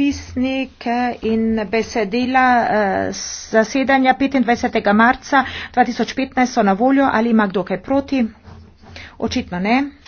zapisnike in besedila eh, zasedanja 25. marca 2015 so na voljo. Ali ima kdo kaj proti? Očitno ne.